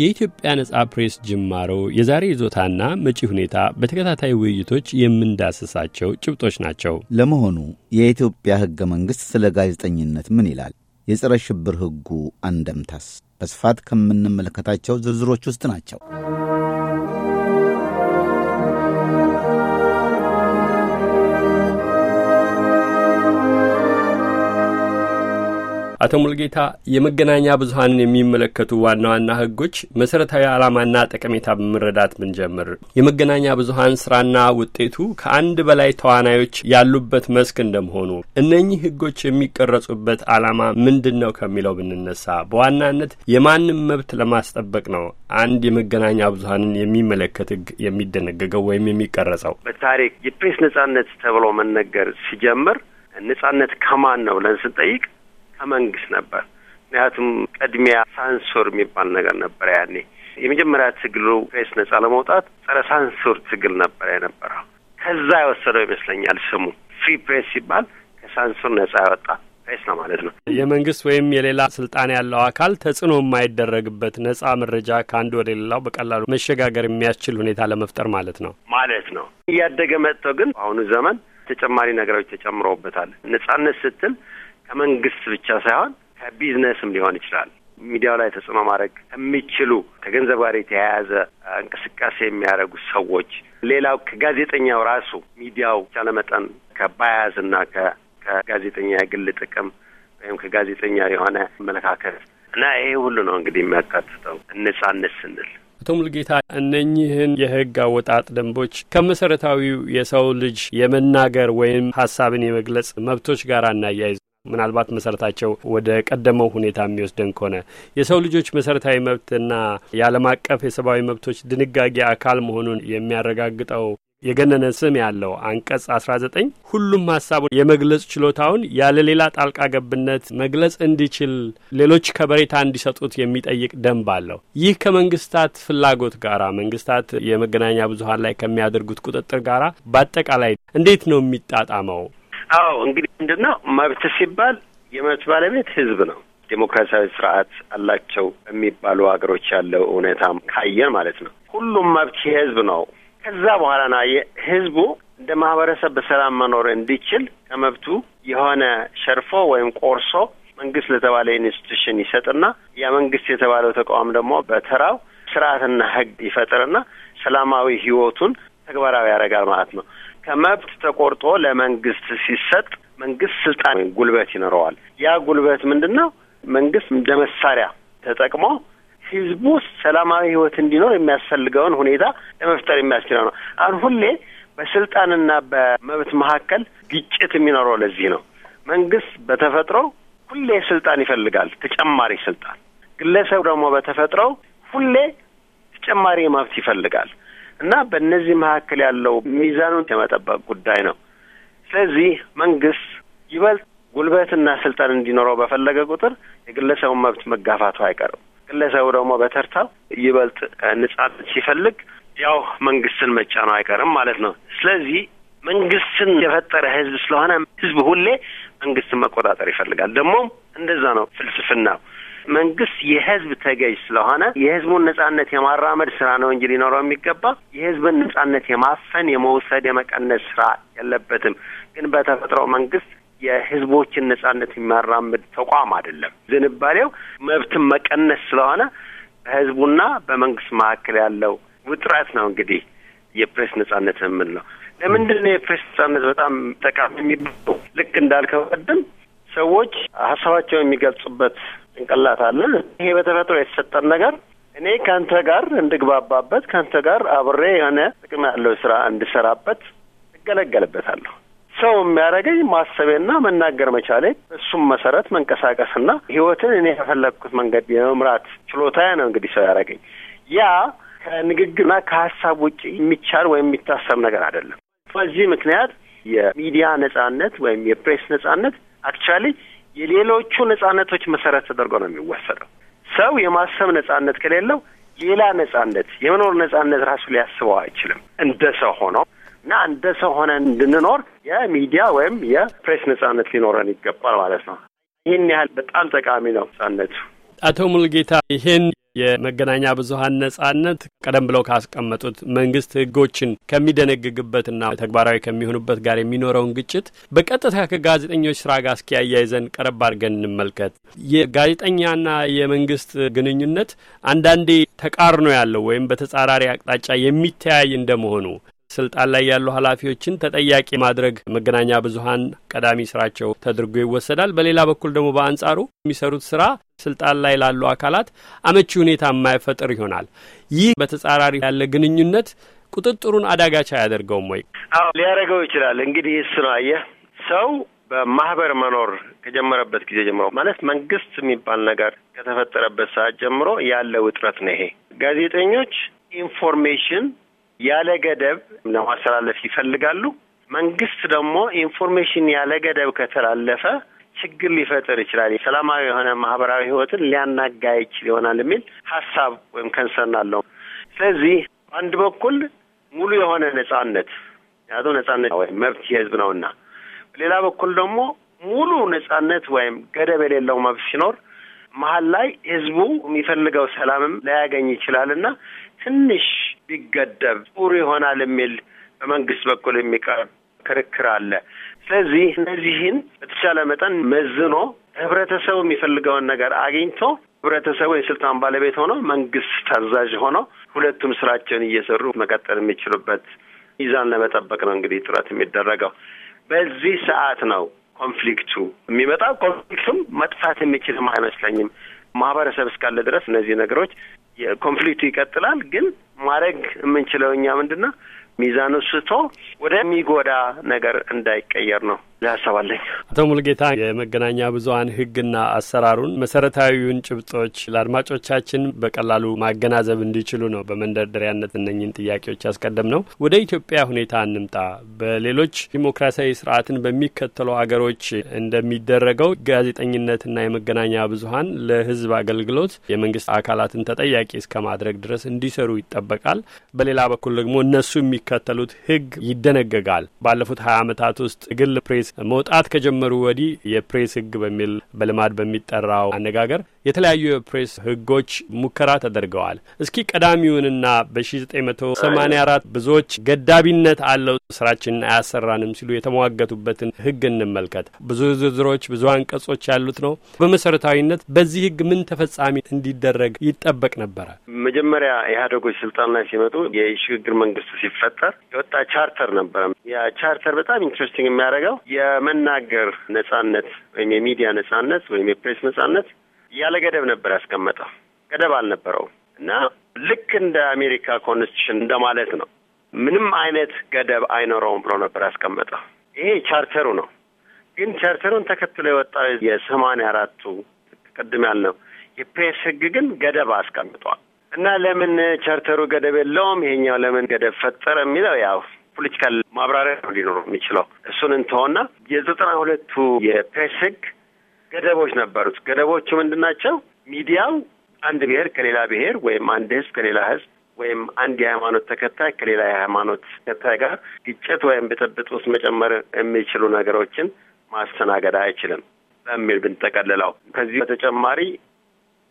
የኢትዮጵያ ነጻ ፕሬስ ጅማሮ፣ የዛሬ ይዞታና መጪ ሁኔታ በተከታታይ ውይይቶች የምንዳስሳቸው ጭብጦች ናቸው። ለመሆኑ የኢትዮጵያ ሕገ መንግሥት ስለ ጋዜጠኝነት ምን ይላል? የጸረ ሽብር ሕጉ አንደምታስ በስፋት ከምንመለከታቸው ዝርዝሮች ውስጥ ናቸው። አቶ ሙልጌታ የመገናኛ ብዙሀንን የሚመለከቱ ዋና ዋና ህጎች መሰረታዊ ዓላማና ጠቀሜታ በመረዳት ብንጀምር የመገናኛ ብዙሀን ስራና ውጤቱ ከአንድ በላይ ተዋናዮች ያሉበት መስክ እንደመሆኑ እነኚህ ህጎች የሚቀረጹበት ዓላማ ምንድን ነው ከሚለው ብንነሳ በዋናነት የማንም መብት ለማስጠበቅ ነው። አንድ የመገናኛ ብዙሀንን የሚመለከት ህግ የሚደነገገው ወይም የሚቀረጸው በታሪክ የፕሬስ ነጻነት ተብሎ መነገር ሲጀምር ነጻነት ከማን ነው ብለን ስንጠይቅ ከመንግስት ነበር። ምክንያቱም ቅድሚያ ሳንሱር የሚባል ነገር ነበረ። ያኔ የመጀመሪያ ትግሉ ፕሬስ ነጻ ለመውጣት ጸረ ሳንሱር ትግል ነበረ የነበረው። ከዛ የወሰደው ይመስለኛል ስሙ ፍሪ ፕሬስ ሲባል ከሳንሱር ነጻ ያወጣ ፕሬስ ነው ማለት ነው። የመንግስት ወይም የሌላ ስልጣን ያለው አካል ተጽዕኖ የማይደረግበት ነጻ መረጃ ከአንድ ወደ ሌላው በቀላሉ መሸጋገር የሚያስችል ሁኔታ ለመፍጠር ማለት ነው ማለት ነው። እያደገ መጥቶ ግን በአሁኑ ዘመን ተጨማሪ ነገሮች ተጨምረውበታል። ነጻነት ስትል ከመንግስት ብቻ ሳይሆን ከቢዝነስም ሊሆን ይችላል። ሚዲያው ላይ ተጽዕኖ ማድረግ የሚችሉ ከገንዘብ ጋር የተያያዘ እንቅስቃሴ የሚያደርጉ ሰዎች፣ ሌላው ከጋዜጠኛው ራሱ ሚዲያው መጠን ከባያዝ እና ከጋዜጠኛ የግል ጥቅም ወይም ከጋዜጠኛ የሆነ አመለካከት እና ይሄ ሁሉ ነው እንግዲህ የሚያካትተው እንጻነት ስንል። አቶ ሙልጌታ እነኚህን የህግ አወጣጥ ደንቦች ከመሰረታዊው የሰው ልጅ የመናገር ወይም ሀሳብን የመግለጽ መብቶች ጋር እናያይዘ ምናልባት መሰረታቸው ወደ ቀደመው ሁኔታ የሚወስደን ከሆነ የሰው ልጆች መሰረታዊ መብትና የዓለም አቀፍ የሰብአዊ መብቶች ድንጋጌ አካል መሆኑን የሚያረጋግጠው የገነነ ስም ያለው አንቀጽ 19 ሁሉም ሀሳቡን የመግለጽ ችሎታውን ያለ ሌላ ጣልቃ ገብነት መግለጽ እንዲችል ሌሎች ከበሬታ እንዲሰጡት የሚጠይቅ ደንብ አለው። ይህ ከመንግስታት ፍላጎት ጋር መንግስታት የመገናኛ ብዙኃን ላይ ከሚያደርጉት ቁጥጥር ጋር በአጠቃላይ እንዴት ነው የሚጣጣመው? አዎ እንግዲህ ምንድን ነው መብት ሲባል የመብት ባለቤት ህዝብ ነው። ዴሞክራሲያዊ ስርዓት አላቸው የሚባሉ ሀገሮች ያለው እውነታ ካየን ማለት ነው ሁሉም መብት የህዝብ ነው። ከዛ በኋላ ና ህዝቡ እንደ ማህበረሰብ በሰላም መኖር እንዲችል ከመብቱ የሆነ ሸርፎ ወይም ቆርሶ መንግስት ለተባለ ኢንስቲቱሽን ይሰጥና ያ መንግስት የተባለው ተቋም ደግሞ በተራው ስርዓትና ህግ ይፈጥርና ሰላማዊ ህይወቱን ተግባራዊ ያደርጋል ማለት ነው። ከመብት ተቆርጦ ለመንግስት ሲሰጥ መንግስት ስልጣን ጉልበት ይኖረዋል። ያ ጉልበት ምንድን ነው? መንግስት እንደ መሳሪያ ተጠቅሞ ህዝቡ ሰላማዊ ህይወት እንዲኖር የሚያስፈልገውን ሁኔታ ለመፍጠር የሚያስችለው ነው። አሁን ሁሌ በስልጣንና በመብት መካከል ግጭት የሚኖረው ለዚህ ነው። መንግስት በተፈጥሮ ሁሌ ስልጣን ይፈልጋል፣ ተጨማሪ ስልጣን። ግለሰብ ደግሞ በተፈጥሮው ሁሌ ተጨማሪ መብት ይፈልጋል። እና በእነዚህ መካከል ያለው ሚዛኑን የመጠበቅ ጉዳይ ነው። ስለዚህ መንግስት ይበልጥ ጉልበትና ስልጣን እንዲኖረው በፈለገ ቁጥር የግለሰቡን መብት መጋፋቱ አይቀርም። ግለሰቡ ደግሞ በተርታው ይበልጥ ነጻነት ሲፈልግ ያው መንግስትን መጫነው አይቀርም ማለት ነው። ስለዚህ መንግስትን የፈጠረ ህዝብ ስለሆነ ህዝብ ሁሌ መንግስትን መቆጣጠር ይፈልጋል። ደግሞ እንደዛ ነው ፍልስፍናው። መንግስት የህዝብ ተገዥ ስለሆነ የህዝቡን ነጻነት የማራመድ ስራ ነው እንጂ ሊኖረው የሚገባ የህዝብን ነጻነት የማፈን የመውሰድ የመቀነስ ስራ የለበትም። ግን በተፈጥሮ መንግስት የህዝቦችን ነጻነት የሚያራምድ ተቋም አይደለም። ዝንባሌው መብትን መቀነስ ስለሆነ በህዝቡና በመንግስት መካከል ያለው ውጥረት ነው እንግዲህ የፕሬስ ነጻነት የምንለው። ለምንድን ነው የፕሬስ ነጻነት በጣም ጠቃሚ የሚባለው? ልክ እንዳልከው ቀደም ሰዎች ሀሳባቸው የሚገልጹበት ጭንቅላት አለ። ይሄ በተፈጥሮ የተሰጠን ነገር እኔ ከአንተ ጋር እንድግባባበት ከአንተ ጋር አብሬ የሆነ ጥቅም ያለው ስራ እንድሰራበት እገለገልበታለሁ። ሰው የሚያደርገኝ ማሰቤና መናገር መቻሌ፣ እሱም መሰረት መንቀሳቀስና ህይወትን እኔ ከፈለግኩት መንገድ የመምራት ችሎታዬ ነው እንግዲህ ሰው ያደረገኝ። ያ ከንግግርና ከሀሳብ ውጭ የሚቻል ወይም የሚታሰብ ነገር አይደለም። በዚህ ምክንያት የሚዲያ ነጻነት ወይም የፕሬስ ነጻነት አክቹዋሊ የሌሎቹ ነጻነቶች መሰረት ተደርጎ ነው የሚወሰደው። ሰው የማሰብ ነጻነት ከሌለው ሌላ ነጻነት የመኖር ነጻነት ራሱ ሊያስበው አይችልም። እንደ ሰው ሆኖ እና እንደ ሰው ሆነ እንድንኖር የሚዲያ ወይም የፕሬስ ነጻነት ሊኖረን ይገባል ማለት ነው። ይህን ያህል በጣም ጠቃሚ ነው ነጻነቱ። አቶ ሙልጌታ ይህን የመገናኛ ብዙሀን ነጻነት ቀደም ብለው ካስቀመጡት መንግስት ህጎችን ከሚደነግግበትና ተግባራዊ ከሚሆኑበት ጋር የሚኖረውን ግጭት በቀጥታ ከጋዜጠኞች ስራ ጋር እስኪያያይዘን ቀረብ አድርገን እንመልከት። የጋዜጠኛና የመንግስት ግንኙነት አንዳንዴ ተቃርኖ ያለው ወይም በተጻራሪ አቅጣጫ የሚተያይ እንደመሆኑ ስልጣን ላይ ያሉ ኃላፊዎችን ተጠያቂ ማድረግ መገናኛ ብዙሀን ቀዳሚ ስራቸው ተደርጎ ይወሰዳል። በሌላ በኩል ደግሞ በአንጻሩ የሚሰሩት ስራ ስልጣን ላይ ላሉ አካላት አመቺ ሁኔታ የማይፈጥር ይሆናል። ይህ በተጻራሪ ያለ ግንኙነት ቁጥጥሩን አዳጋች አያደርገውም ወይ? አዎ ሊያደርገው ይችላል። እንግዲህ እሱ ነው አየህ፣ ሰው በማህበር መኖር ከጀመረበት ጊዜ ጀምሮ ማለት መንግስት የሚባል ነገር ከተፈጠረበት ሰዓት ጀምሮ ያለ ውጥረት ነው ይሄ። ጋዜጠኞች ኢንፎርሜሽን ያለ ገደብ ለማስተላለፍ ይፈልጋሉ። መንግስት ደግሞ ኢንፎርሜሽን ያለ ገደብ ከተላለፈ ችግር ሊፈጥር ይችላል፣ ሰላማዊ የሆነ ማህበራዊ ህይወትን ሊያናጋ ይችል ይሆናል የሚል ሀሳብ ወይም ከንሰርን አለው። ስለዚህ በአንድ በኩል ሙሉ የሆነ ነጻነት ምክንያቱም ነጻነት ወይም መብት የህዝብ ነውና፣ በሌላ በኩል ደግሞ ሙሉ ነጻነት ወይም ገደብ የሌለው መብት ሲኖር መሀል ላይ ህዝቡ የሚፈልገው ሰላምም ላያገኝ ይችላልና ትንሽ ቢገደብ ጥሩ ይሆናል የሚል በመንግስት በኩል የሚቀርብ ክርክር አለ። ስለዚህ እነዚህን በተቻለ መጠን መዝኖ ህብረተሰቡ የሚፈልገውን ነገር አግኝቶ ህብረተሰቡ የስልጣን ባለቤት ሆኖ መንግስት ታዛዥ ሆኖ ሁለቱም ስራቸውን እየሰሩ መቀጠል የሚችሉበት ሚዛን ለመጠበቅ ነው እንግዲህ ጥረት የሚደረገው። በዚህ ሰዓት ነው ኮንፍሊክቱ የሚመጣው። ኮንፍሊክቱም መጥፋት የሚችልም አይመስለኝም። ማህበረሰብ እስካለ ድረስ እነዚህ ነገሮች ኮንፍሊክቱ ይቀጥላል። ግን ማድረግ የምንችለው እኛ ምንድን ነው ሚዛኑ ስቶ ወደሚጎዳ ነገር እንዳይቀየር ነው። ያሰባለኝ አቶ ሙልጌታ የመገናኛ ብዙሀን ህግና አሰራሩን መሰረታዊውን ጭብጦች ለአድማጮቻችን በቀላሉ ማገናዘብ እንዲችሉ ነው በመንደርደሪያነት እነኝን ጥያቄዎች ያስቀደም ነው። ወደ ኢትዮጵያ ሁኔታ እንምጣ። በሌሎች ዲሞክራሲያዊ ስርዓትን በሚከተሉ አገሮች እንደሚደረገው ጋዜጠኝነትና የመገናኛ ብዙሀን ለህዝብ አገልግሎት የመንግስት አካላትን ተጠያቂ እስከ ማድረግ ድረስ እንዲሰሩ ይጠበቃል። በሌላ በኩል ደግሞ እነሱ የሚከተሉት ህግ ይደነገጋል። ባለፉት ሀያ ዓመታት ውስጥ ግል ፕሬስ መውጣት ከጀመሩ ወዲህ የፕሬስ ህግ በሚል በልማድ በሚጠራው አነጋገር የተለያዩ የፕሬስ ህጎች ሙከራ ተደርገዋል። እስኪ ቀዳሚውንና በ1984 ብዙዎች ገዳቢነት አለው ስራችንን አያሰራንም ሲሉ የተሟገቱበትን ህግ እንመልከት። ብዙ ዝርዝሮች፣ ብዙ አንቀጾች ያሉት ነው። በመሰረታዊነት በዚህ ህግ ምን ተፈጻሚ እንዲደረግ ይጠበቅ ነበረ? መጀመሪያ ኢህአዴጎች ስልጣን ላይ ሲመጡ የሽግግር መንግስት ሲፈጠር የወጣ ቻርተር ነበረ። ያ ቻርተር በጣም ኢንትረስቲንግ የሚያደርገው የመናገር ነጻነት ወይም የሚዲያ ነጻነት ወይም የፕሬስ ነጻነት ያለ ገደብ ነበር ያስቀመጠው። ገደብ አልነበረውም እና ልክ እንደ አሜሪካ ኮንስቲቱሽን እንደማለት ነው። ምንም አይነት ገደብ አይኖረውም ብሎ ነበር ያስቀመጠው። ይሄ ቻርተሩ ነው። ግን ቻርተሩን ተከትሎ የወጣው የሰማንያ አራቱ ቅድም ያልነው የፕሬስ ህግ ግን ገደብ አስቀምጧል እና ለምን ቻርተሩ ገደብ የለውም ይሄኛው ለምን ገደብ ፈጠረ የሚለው ያው ፖለቲካል ማብራሪያ ነው ሊኖሩ የሚችለው። እሱን እንተውና የዘጠና ሁለቱ የፕሬስ ህግ ገደቦች ነበሩት። ገደቦቹ ምንድን ናቸው? ሚዲያው አንድ ብሔር ከሌላ ብሔር ወይም አንድ ህዝብ ከሌላ ህዝብ ወይም አንድ የሃይማኖት ተከታይ ከሌላ የሃይማኖት ተከታይ ጋር ግጭት ወይም ብጥብጥ ውስጥ መጨመር የሚችሉ ነገሮችን ማስተናገድ አይችልም በሚል ብንጠቀልለው፣ ከዚህ በተጨማሪ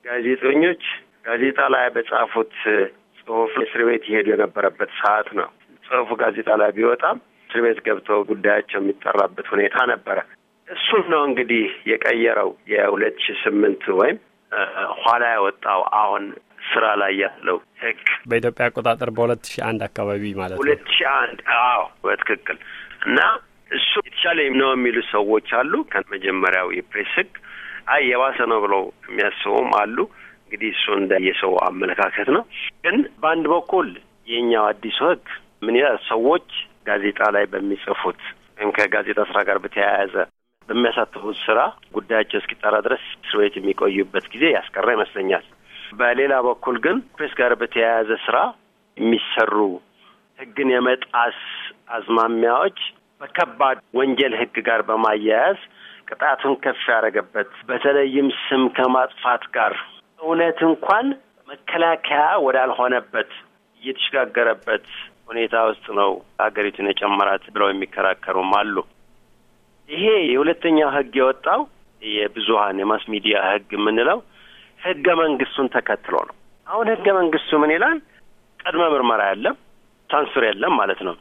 ጋዜጠኞች ጋዜጣ ላይ በጻፉት ጽሁፍ እስር ቤት ይሄዱ የነበረበት ሰዓት ነው። ጽሁፉ ጋዜጣ ላይ ቢወጣም እስር ቤት ገብተው ጉዳያቸው የሚጠራበት ሁኔታ ነበረ። እሱን ነው እንግዲህ የቀየረው የሁለት ሺ ስምንት ወይም ኋላ ያወጣው አሁን ስራ ላይ ያለው ህግ በኢትዮጵያ አቆጣጠር በሁለት ሺ አንድ አካባቢ ማለት ነው። ሁለት ሺ አንድ አዎ፣ በትክክል እና እሱ የተሻለ ነው የሚሉ ሰዎች አሉ። ከመጀመሪያው የፕሬስ ህግ አይ የባሰ ነው ብለው የሚያስቡም አሉ። እንግዲህ እሱ እንደ የሰው አመለካከት ነው። ግን በአንድ በኩል የኛው አዲሱ ህግ ምን ይላል? ሰዎች ጋዜጣ ላይ በሚጽፉት ወይም ከጋዜጣ ስራ ጋር በተያያዘ በሚያሳትፉት ስራ ጉዳያቸው እስኪጠራ ድረስ እስር ቤት የሚቆዩበት ጊዜ ያስቀራ ይመስለኛል። በሌላ በኩል ግን ፕሬስ ጋር በተያያዘ ስራ የሚሰሩ ህግን የመጣስ አዝማሚያዎች በከባድ ወንጀል ህግ ጋር በማያያዝ ቅጣቱን ከፍ ያደረገበት በተለይም ስም ከማጥፋት ጋር እውነት እንኳን መከላከያ ወዳልሆነበት እየተሸጋገረበት ሁኔታ ውስጥ ነው ሀገሪቱን የጨመራት ብለው የሚከራከሩም አሉ። ይሄ የሁለተኛው ህግ የወጣው የብዙሀን የማስ ሚዲያ ህግ የምንለው ህገ መንግስቱን ተከትሎ ነው። አሁን ህገ መንግስቱ ምን ይላል? ቅድመ ምርመራ የለም፣ ሳንሱር የለም ማለት ነው።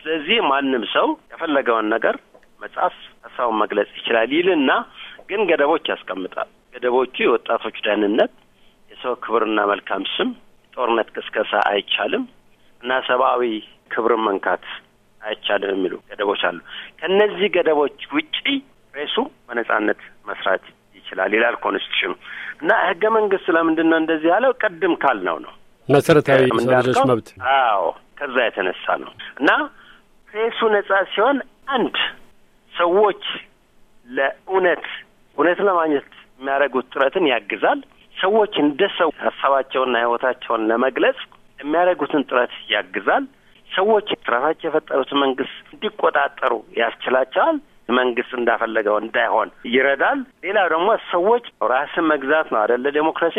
ስለዚህ ማንም ሰው የፈለገውን ነገር መጻፍ፣ ሀሳቡን መግለጽ ይችላል ይልና ግን ገደቦች ያስቀምጣል። ገደቦቹ የወጣቶች ደህንነት፣ የሰው ክብርና መልካም ስም፣ የጦርነት ቅስቀሳ አይቻልም እና ሰብአዊ ክብርን መንካት አይቻልም የሚሉ ገደቦች አሉ። ከነዚህ ገደቦች ውጪ ፕሬሱ በነጻነት መስራት ይችላል ይላል ኮንስቲቱሽኑ። እና ህገ መንግስት ስለምንድን ነው እንደዚህ ያለው? ቅድም ካልነው ነው መሰረታዊ ሰዎች መብት። አዎ ከዛ የተነሳ ነው። እና ፕሬሱ ነጻ ሲሆን አንድ ሰዎች ለእውነት እውነት ለማግኘት የሚያደርጉት ጥረትን ያግዛል። ሰዎች እንደ ሰው ሀሳባቸውንና ህይወታቸውን ለመግለጽ የሚያደርጉትን ጥረት ያግዛል። ሰዎች ራሳቸው የፈጠሩት መንግስት እንዲቆጣጠሩ ያስችላቸዋል። መንግስት እንዳፈለገው እንዳይሆን ይረዳል። ሌላው ደግሞ ሰዎች ራስን መግዛት ነው አደለ ዴሞክራሲ።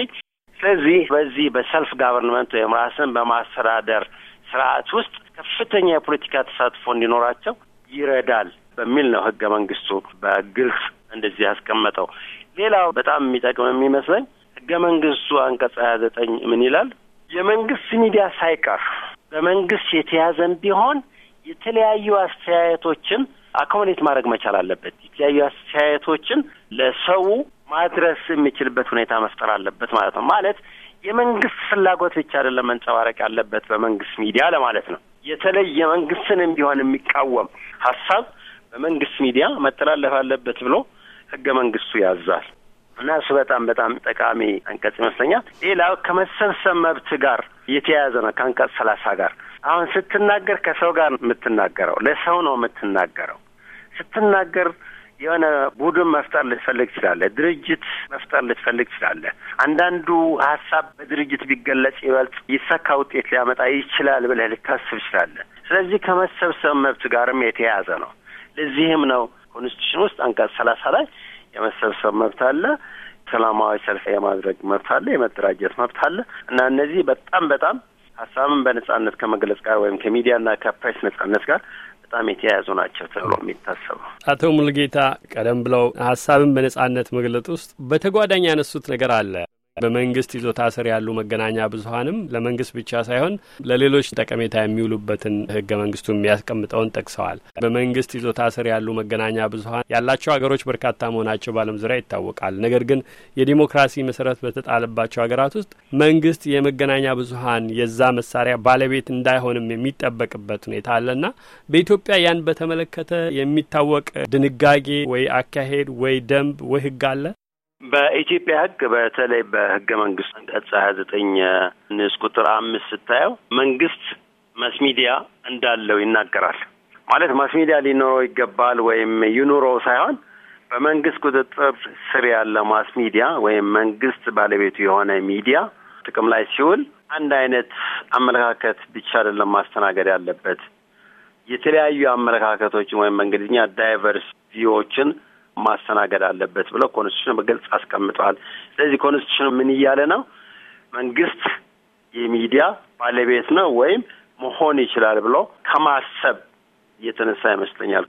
ስለዚህ በዚህ በሰልፍ ጋቨርንመንት ወይም ራስን በማስተዳደር ስርዓት ውስጥ ከፍተኛ የፖለቲካ ተሳትፎ እንዲኖራቸው ይረዳል በሚል ነው ህገ መንግስቱ በግልጽ እንደዚህ ያስቀመጠው። ሌላው በጣም የሚጠቅም የሚመስለኝ ህገ መንግስቱ አንቀጽ ሀያ ዘጠኝ ምን ይላል? የመንግስት ሚዲያ ሳይቀር በመንግስት የተያዘም ቢሆን የተለያዩ አስተያየቶችን አኮሞዴት ማድረግ መቻል አለበት። የተለያዩ አስተያየቶችን ለሰው ማድረስ የሚችልበት ሁኔታ መፍጠር አለበት ማለት ነው። ማለት የመንግስት ፍላጎት ብቻ አይደለም መንጸባረቅ ያለበት በመንግስት ሚዲያ ለማለት ነው። የተለይ የመንግስትንም ቢሆን የሚቃወም ሀሳብ በመንግስት ሚዲያ መተላለፍ አለበት ብሎ ህገ መንግስቱ ያዛል እና እሱ በጣም በጣም ጠቃሚ አንቀጽ ይመስለኛል። ሌላው ከመሰብሰብ መብት ጋር የተያያዘ ነው ከአንቀጽ ሰላሳ ጋር። አሁን ስትናገር ከሰው ጋር የምትናገረው ለሰው ነው የምትናገረው። ስትናገር የሆነ ቡድን መፍጠር ልትፈልግ ትችላለህ። ድርጅት መፍጠር ልትፈልግ ትችላለህ። አንዳንዱ ሀሳብ በድርጅት ቢገለጽ ይበልጥ ይሰካ ውጤት ሊያመጣ ይችላል ብለህ ልታስብ ትችላለህ። ስለዚህ ከመሰብሰብ መብት ጋርም የተያያዘ ነው። ለዚህም ነው ኮንስቲቱሽን ውስጥ አንቀጽ ሰላሳ ላይ የመሰብሰብ መብት አለ ሰላማዊ ሰልፍ የማድረግ መብት አለ፣ የመደራጀት መብት አለ እና እነዚህ በጣም በጣም ሀሳብን በነጻነት ከመግለጽ ጋር ወይም ከሚዲያና ከፕሬስ ነጻነት ጋር በጣም የተያያዙ ናቸው ተብሎ የሚታሰቡ። አቶ ሙልጌታ ቀደም ብለው ሀሳብን በነጻነት መግለጥ ውስጥ በተጓዳኝ ያነሱት ነገር አለ። በመንግስት ይዞታ ስር ያሉ መገናኛ ብዙሀንም ለመንግስት ብቻ ሳይሆን ለሌሎች ጠቀሜታ የሚውሉበትን ህገ መንግስቱ የሚያስቀምጠውን ጠቅሰዋል። በመንግስት ይዞታ ስር ያሉ መገናኛ ብዙሀን ያላቸው ሀገሮች በርካታ መሆናቸው በዓለም ዙሪያ ይታወቃል። ነገር ግን የዲሞክራሲ መሰረት በተጣለባቸው ሀገራት ውስጥ መንግስት የመገናኛ ብዙሀን የዛ መሳሪያ ባለቤት እንዳይሆንም የሚጠበቅበት ሁኔታ አለና በኢትዮጵያ ያን በተመለከተ የሚታወቅ ድንጋጌ ወይ አካሄድ ወይ ደንብ ወይ ህግ አለ? በኢትዮጵያ ሕግ በተለይ በሕገ መንግስት አንቀጽ ሀያ ዘጠኝ ንዑስ ቁጥር አምስት ስታየው መንግስት ማስ ሚዲያ እንዳለው ይናገራል። ማለት ማስ ሚዲያ ሊኖረው ይገባል ወይም ይኑረው ሳይሆን በመንግስት ቁጥጥር ስር ያለ ማስ ሚዲያ ወይም መንግስት ባለቤቱ የሆነ ሚዲያ ጥቅም ላይ ሲውል አንድ አይነት አመለካከት ብቻ አይደለም ማስተናገድ ያለበት የተለያዩ አመለካከቶችን ወይም እንግሊዝኛ ዳይቨርስ ቪዎችን ማስተናገድ አለበት ብለው ኮንስቲቱሽን በግልጽ አስቀምጠዋል። ስለዚህ ኮንስቲቱሽን ምን እያለ ነው? መንግስት የሚዲያ ባለቤት ነው ወይም መሆን ይችላል ብሎ ከማሰብ የተነሳ ይመስለኛል።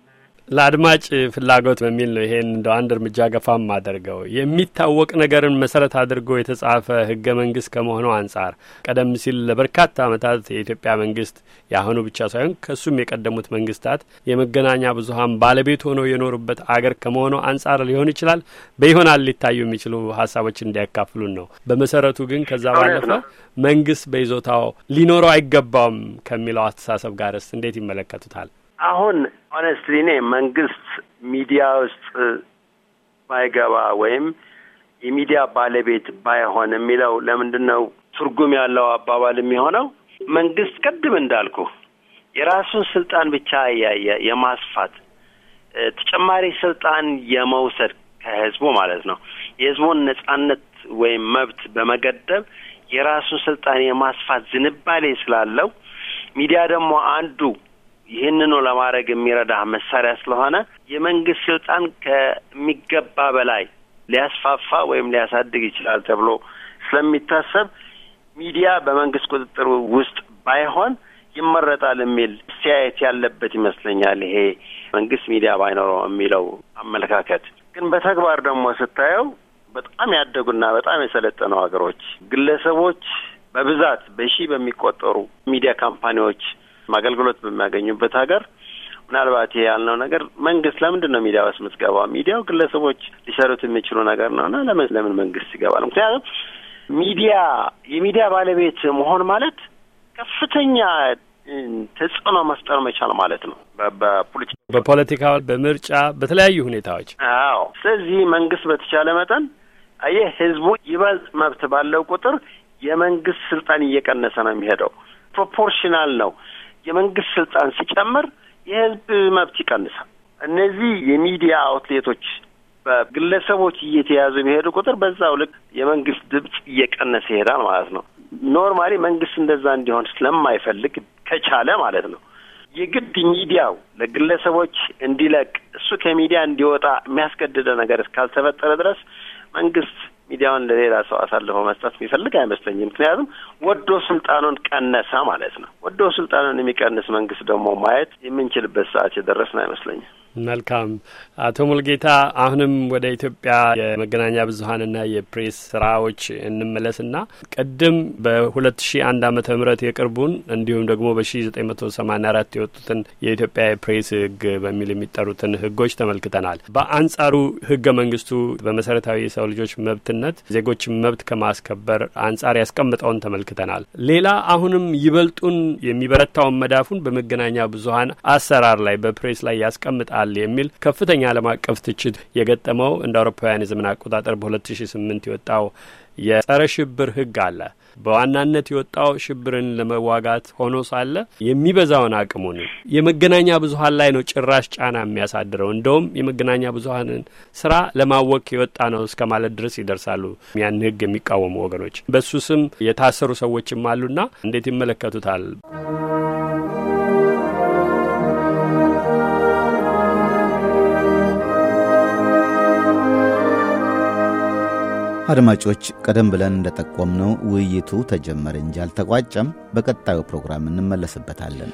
ለአድማጭ ፍላጎት በሚል ነው ይሄን እንደ አንድ እርምጃ ገፋም አደርገው የሚታወቅ ነገርን መሰረት አድርጎ የተጻፈ ህገ መንግስት ከመሆኑ አንጻር ቀደም ሲል ለበርካታ ዓመታት የኢትዮጵያ መንግስት የአሁኑ ብቻ ሳይሆን ከሱም የቀደሙት መንግስታት የመገናኛ ብዙሀን ባለቤት ሆነው የኖሩበት አገር ከመሆኑ አንጻር ሊሆን ይችላል በይሆናል ሊታዩ የሚችሉ ሀሳቦች እንዲያካፍሉን ነው። በመሰረቱ ግን ከዛ ባለፈ መንግስት በይዞታው ሊኖረው አይገባውም ከሚለው አስተሳሰብ ጋርስ እንዴት ይመለከቱታል? አሁን ኦነስትሊ እኔ መንግስት ሚዲያ ውስጥ ባይገባ ወይም የሚዲያ ባለቤት ባይሆን የሚለው ለምንድን ነው ትርጉም ያለው አባባል የሚሆነው? መንግስት ቅድም እንዳልኩ የራሱን ስልጣን ብቻ እያየ የማስፋት ተጨማሪ ስልጣን የመውሰድ ከህዝቡ ማለት ነው የህዝቡን ነጻነት ወይም መብት በመገደብ የራሱን ስልጣን የማስፋት ዝንባሌ ስላለው ሚዲያ ደግሞ አንዱ ይህንኑ ለማድረግ የሚረዳ መሳሪያ ስለሆነ የመንግስት ስልጣን ከሚገባ በላይ ሊያስፋፋ ወይም ሊያሳድግ ይችላል ተብሎ ስለሚታሰብ ሚዲያ በመንግስት ቁጥጥር ውስጥ ባይሆን ይመረጣል የሚል አስተያየት ያለበት ይመስለኛል። ይሄ መንግስት ሚዲያ ባይኖረው የሚለው አመለካከት ግን በተግባር ደግሞ ስታየው በጣም ያደጉና በጣም የሰለጠኑ ሀገሮች ግለሰቦች በብዛት በሺህ በሚቆጠሩ ሚዲያ ካምፓኒዎች አገልግሎት በሚያገኙበት ሀገር ምናልባት ይሄ ያልነው ነገር መንግስት ለምንድን ነው ሚዲያ ውስጥ የምትገባው? ሚዲያው ግለሰቦች ሊሰሩት የሚችሉ ነገር ነው እና ለምን ለምን መንግስት ይገባል? ምክንያቱም ሚዲያ የሚዲያ ባለቤት መሆን ማለት ከፍተኛ ተጽዕኖ መፍጠር መቻል ማለት ነው። በፖለቲካ በፖለቲካ፣ በምርጫ፣ በተለያዩ ሁኔታዎች። አዎ። ስለዚህ መንግስት በተቻለ መጠን ይህ ህዝቡ ይበልጥ መብት ባለው ቁጥር የመንግስት ስልጣን እየቀነሰ ነው የሚሄደው። ፕሮፖርሽናል ነው የመንግስት ስልጣን ሲጨምር የህዝብ መብት ይቀንሳል። እነዚህ የሚዲያ አውትሌቶች በግለሰቦች እየተያዙ የሚሄዱ ቁጥር በዛው ልክ የመንግስት ድምጽ እየቀነሰ ይሄዳል ማለት ነው። ኖርማሊ መንግስት እንደዛ እንዲሆን ስለማይፈልግ ከቻለ ማለት ነው የግድ ሚዲያው ለግለሰቦች እንዲለቅ እሱ ከሚዲያ እንዲወጣ የሚያስገድደ ነገር እስካልተፈጠረ ድረስ መንግስት ሚዲያውን ለሌላ ሰው አሳልፎ መስጠት የሚፈልግ አይመስለኝም። ምክንያቱም ወዶ ስልጣኑን ቀነሰ ማለት ነው። ወዶ ስልጣኑን የሚቀንስ መንግስት ደግሞ ማየት የምንችልበት ሰዓት የደረስን አይመስለኝም። መልካም አቶ ሙልጌታ አሁንም ወደ ኢትዮጵያ የመገናኛ ብዙሀንና የፕሬስ ስራዎች እንመለስና ቅድም በ2001 ዓ ም የቅርቡን እንዲሁም ደግሞ በ1984 የወጡትን የኢትዮጵያ የፕሬስ ህግ በሚል የሚጠሩትን ህጎች ተመልክተናል። በአንጻሩ ህገ መንግስቱ በመሰረታዊ የሰው ልጆች መብትነት ዜጎችን መብት ከማስከበር አንጻር ያስቀምጠውን ተመልክተናል። ሌላ አሁንም ይበልጡን የሚበረታውን መዳፉን በመገናኛ ብዙሀን አሰራር ላይ በፕሬስ ላይ ያስቀምጣል ይመጣል የሚል ከፍተኛ ዓለም አቀፍ ትችት የገጠመው እንደ አውሮፓውያን የዘመን አቆጣጠር በ2008 የወጣው የጸረ ሽብር ህግ አለ። በዋናነት የወጣው ሽብርን ለመዋጋት ሆኖ ሳለ የሚበዛውን አቅሙን የመገናኛ ብዙሀን ላይ ነው ጭራሽ ጫና የሚያሳድረው። እንደውም የመገናኛ ብዙሀንን ስራ ለማወቅ የወጣ ነው እስከ ማለት ድረስ ይደርሳሉ ያን ህግ የሚቃወሙ ወገኖች። በሱ ስም የታሰሩ ሰዎችም አሉና እንዴት ይመለከቱታል? አድማጮች፣ ቀደም ብለን እንደጠቆምነው ውይይቱ ተጀመረ እንጂ አልተቋጨም። በቀጣዩ ፕሮግራም እንመለስበታለን።